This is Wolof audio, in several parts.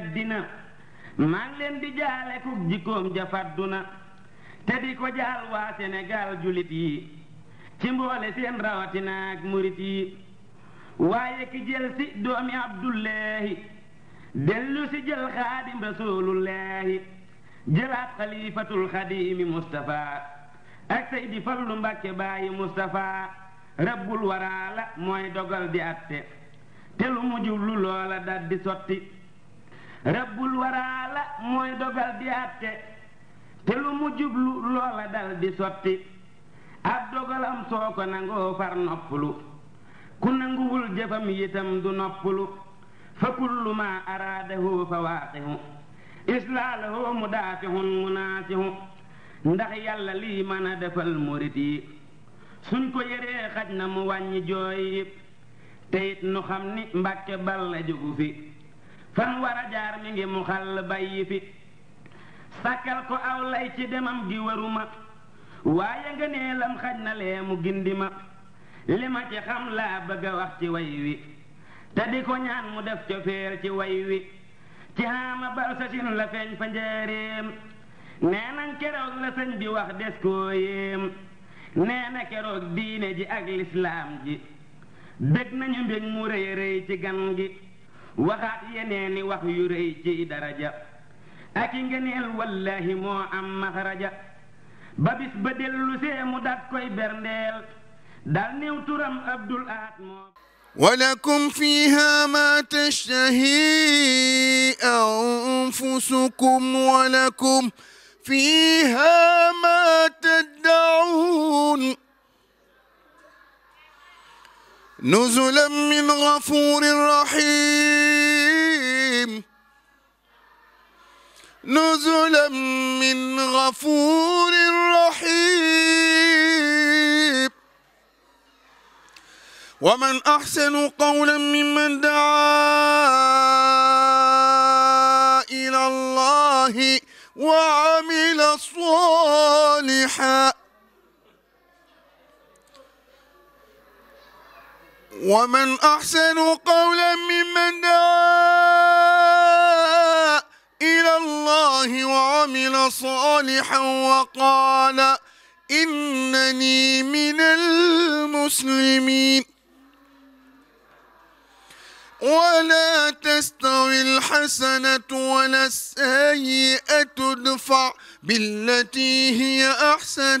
teddina maa ngi leen di jaale ku jikkoom ja fadduna te di ko jaal waa Sénégal julit yi ci mboole seen rawatinaak murit yi waaye ki jël doomi Abdullahi dellu si jël xaadim rasulullahi jëlaat xalifatul xadimi Mustafa ak Seydi Fallu Mbàkke bàyyi Mustafa rabbul waraa mooy dogal di atte te mu jublu loola dal sotti rabbul waraala mooy dogal di àtte te lu mu jublu loola dal di sotti ab dogalam soo nangoo far noppalu ku nanguwul jëfam yitam du noppalu fa kullu ma araadahu fa waaqihu islaalahu mudaafihun munaasihu ndax yàlla lii mën a defal murit yi suñ ko xaj na mu wàññi jooy yi te it xam ni mbàkke balla jógu fi fan war a jaar mi ngi mu xàll bàyyi fi sàkkal ko aw lay ci demam gi waruma waaye nga xaj na lee mu li ma ci xam laa bëgg wax ci way wi te di ko ñaan mu def cofeer ci way wi ci haama bal sasin la feeñ fa njëreem nee keroog la sëñ bi wax des koo yéem keroog diine ji ak lislaam ji dëgg nañu mbég mu rëy ci gan gi waxaat yeneeni wax yu rëy ciy daraja ak i ngëneel wallahi moo am maxraja ba bis ba dellu see mu daat koy berndeel dal néew turam abdul ahad moo ولكم فيها ما تشتهي أنفسكم ولكم فيها نزلا من غفور رحيم نزلا من غفور رحيم ومن أحسن قولا ممن دعا إلى الله و ومن أحسن قولا ممن دعا إلى الله وعمل صالحا وقال إنني من المسلمين ولا تستوي الحسنة ولا السيئة ادفع بالتي هي أحسن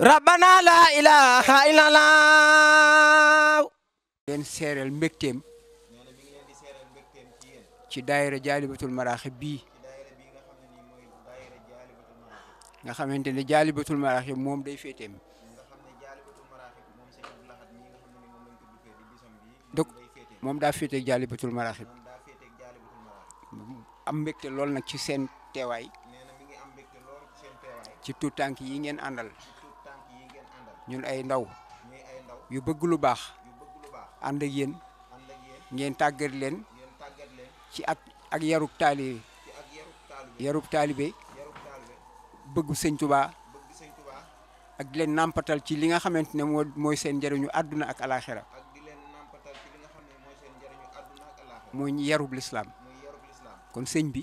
rabbana la ilaha illallah leen seereel mbégteem ci daayira jaalibatul maraaxib bii nga xamante ne jaalibatul maraaxib moom day féeteem donc moom daa féeteeg jaalibatul maraaxib am mbégte lool nag ci seen teewaay ci tuutànk yi ngeen àndal ñun ay ndaw yu bëgg lu baax ànd ak yéen ngeen tàggat leen ci ak ak yarub taalibe yarub taalibe bëggu sëñ Tuubaa ak di leen nàmpatal ci li nga xamante ne moo mooy seen njëriñu àdduna ak alaxira mooy yarub lislaam kon sëñ bi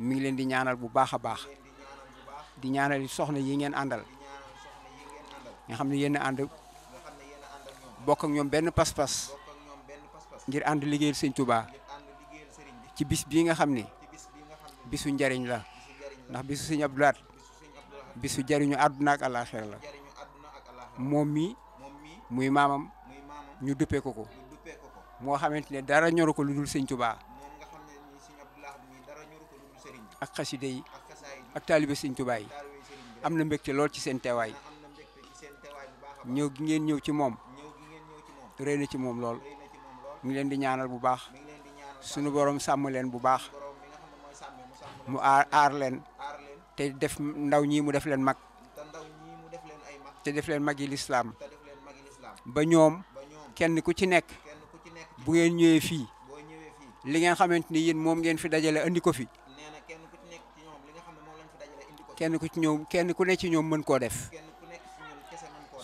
mu ngi leen di ñaanal bu baax a baax di ñaanal soxna yi ngeen àndal nga xam ne yéen a ànd ñoom benn pas-pas ngir ànd liggéeyal sëñ Touba ci bis bii nga xam ne bisu njariñ la ndax bisu sëñ Abdou Lahad bisu jariñu àdduna ak àllaaxira la moom mii muy maamam ñu duppee ko ko moo xamante ne dara ñoru ko lu dul sëñ Touba ak xaside ak taalibe sëñ Touba am na mbégte lool ci seen teewaay. ñëw gi ngeen ñëw ci moom rëy ci moom lool mu ngi leen di ñaanal bu baax suñu borom sàmm leen bu baax mu aar aar leen te def ndaw ñi mu def leen mag te def leen mag yi lislaam ba ñoom kenn ku ci nekk bu ngeen ñëwee fii li ngeen xamante ni yéen moom ngeen fi dajale andi ko fi kenn ku ci ñoom kenn ku ne ci ñoom mën koo def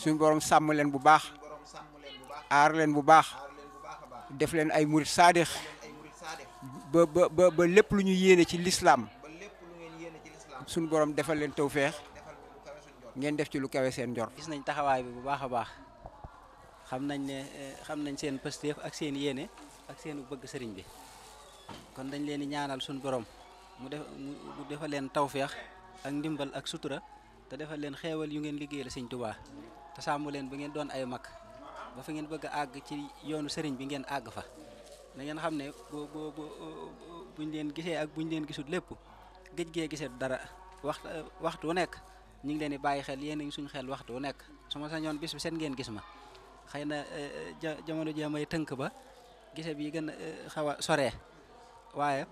suñu boroom sàmm leen bu baax aar leen bu baax def leen ay murit saadix ba ba ba lépp lu ñu yéene ci lislaam suñu boroom defal leen tawféex ngeen def ci lu kawe seen jor gis nañ taxawaay bi bu baax a baax xam nañ ne eh, xam nañ seen pësteef ak seen yéene ak seen bëgg sëriñ bi kon dañ leen di ñaanal suñu borom mu def mu defal leen tawféex ak ndimbal ak sutura te defal leen xeewal yu ngeen liggéeyal sëñ Tuubaa te sàmm leen ba ngeen doon ay mag ba fa ngeen bëgg àgg ci yoonu sëriñ bi ngeen àgg fa na ngeen xam ne bu bu buñ leen gisee ak buñ leen gisul lépp géej gee gisee dara wax waxtu wu nekk ñu ngi leen di bàyyi xel yéen a suñ suñu xel waxtu wu nekk su ma ñoon bis bi seen ngeen gis ma xëy na eh, eh, jamono jii may tënk ba gise bi gën a eh, xaw a sore waaye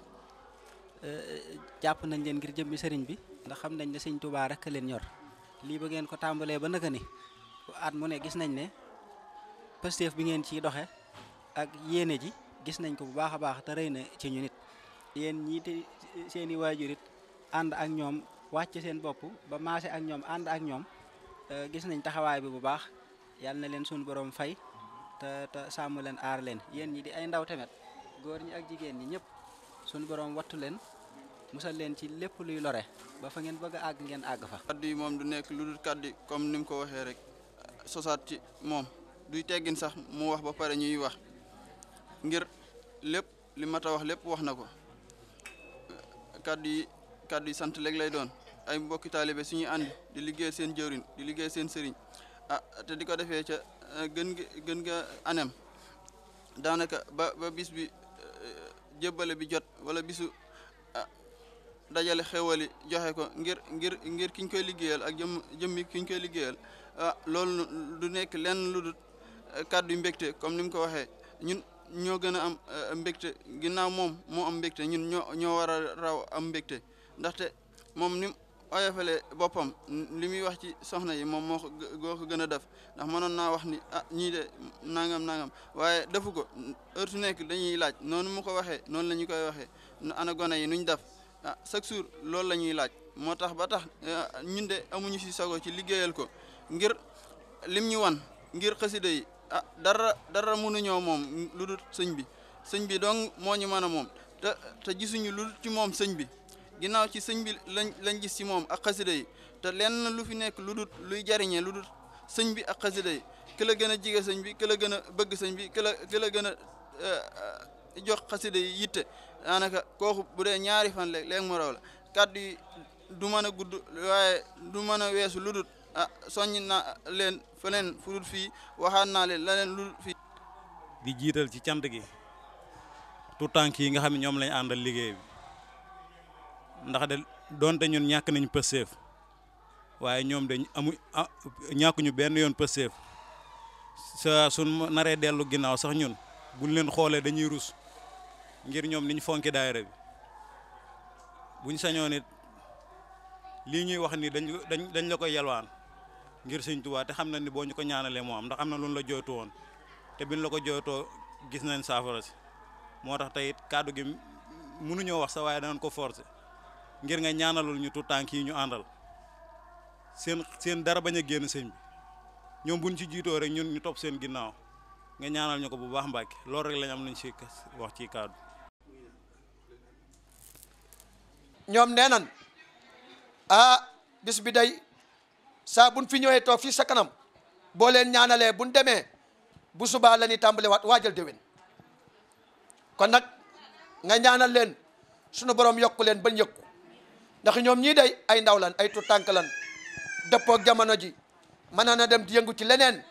jàpp nañ leen ngir jëmmi sëriñ bi ndax xam nañ ne sëriñ Tuubaa rek leen ñor lii ba ngeen ko tàmbalee ba naka ni at mu ne gis nañ ne Pastef bi ngeen ci doxe ak yéene ji gis nañ ko bu baax a baax te rey na ci ñu nit yéen ñiiti te seen i waajur ànd ak ñoom wàcc seen bopp ba maase ak ñoom ànd ak ñoom euh, gis nañ taxawaay bi bu baax yàlla na leen suñu borom fay te te sàmm leen aar leen yéen ñi di ay ndaw tamit góor ñi ak jigéen ñi ñëpp suñu borom wattu leen musal leen ci lépp luy lore ba fa ngeen bëgg àgg ngeen àgg fa. kaddu moom du nekk lu dul kaddu comme ni mu ko waxee rek. sosaat moom duy teggin sax mu wax ba pare ñuy wax ngir lépp li mat a wax lépp wax na ko kàddu yi kàddu yi sant léeg lay doon ay mbokki taalibe suñuy ànd di liggéey seen jëwriñ di liggéey seen sëriñ ah te di ko defee ca eh, gën gën nga anem daanaka ba ba bis bi eh, jébbale bi jot wala bisu dajale xéwal joxe ko ngir ngir ngir kiñ koy liggéeyal ak jëm jëmmi kiñ koy liggéeyal ah loolu du nekk lenn lu dul eh, kàddu mbégte comme ni mu ko waxee ñun ñoo gën a am eh, mbégte ginnaaw moom moo am mbégte ñun ñoo ñoo war a raw am mbégte ndaxte moom ni mu oyofale boppam li muy wax ci soxna yi moom moo ko goo gën a def ndax mënoon naa wax ni ah ñii de nangam nangam waaye defu ko heure su nekk dañuy laaj noonu mu ko waxee noonu la ñu koy waxee ana gone yi nuñ def ah chaque jour loolu la ñuy laaj moo tax ba tax eh, ñun de amuñu si sago ci liggéeyal ko ngir lim ñu wan ngir xasida yi ah dara dara ñoo moom lu dul sëñ bi sëñ bi donc moo ñu mën moom te te gisuñu lu ci moom sëñ bi ginaaw ci sëñ bi lañ lañ gis ci moom ak xasida yi te lenn lu fi nekk lu dul luy jariñee lu dul sëñ bi ak xasida yi ki la gën a jige sëñ bi ki la gën a bëgg sëñ bi ki la ki la gën a eh, jox xasida yi yitte daanaka kooku bu dee ñaari fan léeg léeg mu raw du mën a gudd waaye du mën a weesu ludut ah na leen feneen fu dul fii waxaat naa leen la leen ludut fii di jiital ci cant gi tout tànk yi nga xam ne ñoom lañ àndal liggéey bi ndax de doonte ñun ñàkk nañ pëseef waaye ñoom de amu ah, ñàkkuñu benn yoon pëseef sa sun naree dellu ginnaaw sax ñun buñ leen xoolee dañuy rus ngir ñoom niñ fonki daayira bi buñ sañoon it lii ñuy wax nii dañ dañ dañ la koy yalwaan ngir sëñ Tuubaa te xam na ni boo ñu ko ñaanalee moo am ndax am na lu ñu la jooytu woon te biñ la ko jooytoo gis nañ saafara si moo tax tey it kàddu gi mënuñoo wax sa waaye ko forcer ngir nga ñaanalul ñu tuut tànk yi ñu àndal seen seen dara bañ a génn sëñ bi ci jiitoo rek ñun ñu topp seen ginnaaw nga ñaanal ñu ko bu baax Mbàkke loolu rek lañ am luñ ci wax ci kàddu ñoom nee nan ah bis bi day saa buñ fi ñëwee toog fii sa kanam boo leen ñaanalee buñ demee bu subaa la ñuy tàmbale waat waajal déwén kon nag nga ñaanal leen sunu borom yokk leen bañ yëkku ndax ñoom ñii day ay ndawlaan lan ay tutànk lan dëppook jamono ji mën na dem di yëngu ci leneen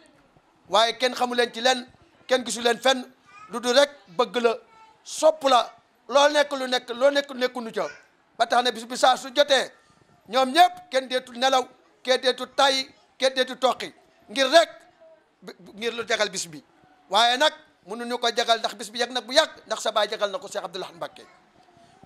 waaye kenn xamu leen ci leen kenn gisu leen fenn lu dul rek bëgg la sopp la loo nekk lu nekk loo nekk nekku nu ca ba tax na bis bi saa su jotee ñoom ñëpp kenn deetul nelaw kenn deetul tay kenn deetul toqi ngir rek ngir lu jagal bis bi waaye nag mënuñu ko jagal ndax bis bi yàgg nag bu yàgg ndax sa baay jagal na ko Cheikh Abdoul Ahad Mbacké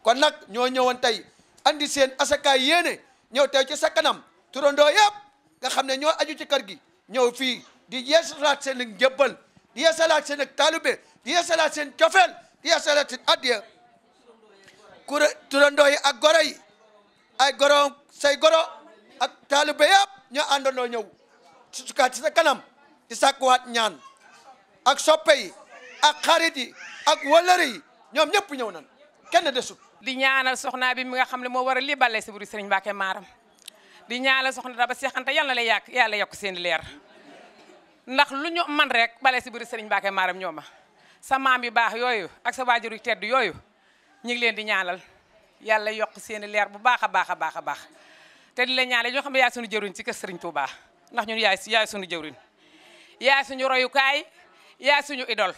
kon nag ñoo ñëwoon tey andi seen asakaay yéene ñëw teew ci sa kanam turandoo yëpp nga xam ne ñoo aju ci kër gi ñëw fii di yeesalaat seen njëbbal di yeesalaat seen ak taalube di yeesalaat seen cofeel di yeesalaat seen addiya kure turandoo yi ak goro yi ay goro say goro ak taalibe yëpp ñoo àndandoo ñëw sukaat ci sa kanam di sàkkuwaat ñaan ak soppe ak xarit ak wëllëri ñoom ñëpp ñëw nan kenn desut di ñaanal soxnaa bi mu nga xam ne moo war a libale si buri sëriñ Mbacke Maram di ñaanal soxna Daba Seex Anta yàlla lay yàq yàlla yokk seen leer ndax lu ñu man rek bale si buri sëriñ Mbacke Maram ñoo ma sa maam bi baax yooyu ak sa waajur yu yooyu ñu ngi leen di ñaanal yàlla yokk seen i leer bu baax a baax a baax a baax te di la ñaanal ñoo xam ne yaay suñu jëwriñ ci kër Serigne Touba ndax ñun yaay yaay suñu jëwriñ yaay suñu royukaay yaay suñu idol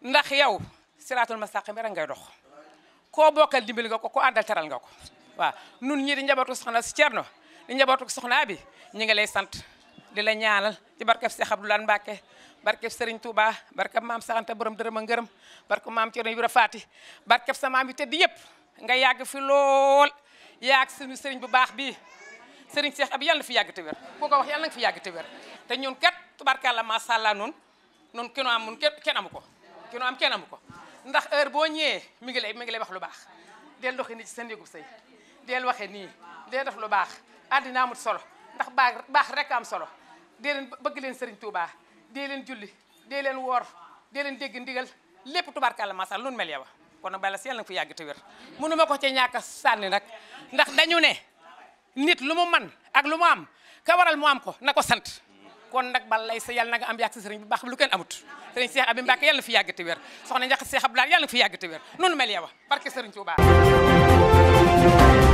ndax yow siraatul mustaqim rek ngay dox koo bokkal dimbali nga ko ko àndal teral nga ko waaw nun ñi di njabootu soxna si Thierno di njabootu soxnaa bi ñu ngi lay sant di la ñaanal ci barkeb Cheikh Abdoulaye Mbacke barkeb Serigne Touba barkeb maam Santa borom dërëm a ngërëm barkeb maam Thierno Ibrahima Fati barkeb sa maam yi tëdd yëpp nga yàgg fi lool yàgg suñu Serigne bu baax bi Serigne Cheikh ab yàlla na fi yàgg te wér koo ko wax yàlla na fi yàgg te wér te ñun kat tubarkàlla macha allah noonu noonu kenn am kenn amu ko kenn am kenn ko ndax heure boo ñëwee mi ngi lay mi ngi lay wax lu baax del doxee nii ci seen yëgu sëy del waxee nii del def lu baax àddina amut solo ndax baax baax rek am solo dee leen bëgg leen Serigne Touba. dee leen julli dee leen woor dee leen dégg ndigal lépp tubarkalla masal lu mel yow kon nag bala si yàlla nga fi yàgg te wér mënu ma ko ci ñàkk sànni nag ndax dañu ne nit lu mu man ak lu mu am ka waral mu am ko na ko sant kon nag bal lay sa yàlla na am yàgg si sëriñ bi baax lu kenn amut sëriñ Cheikh Abi Mbacke yàlla na fi yàgg te wér soxna Ndiakhate Cheikh Abdoulaye yàlla na fi yàgg te wér noonu mel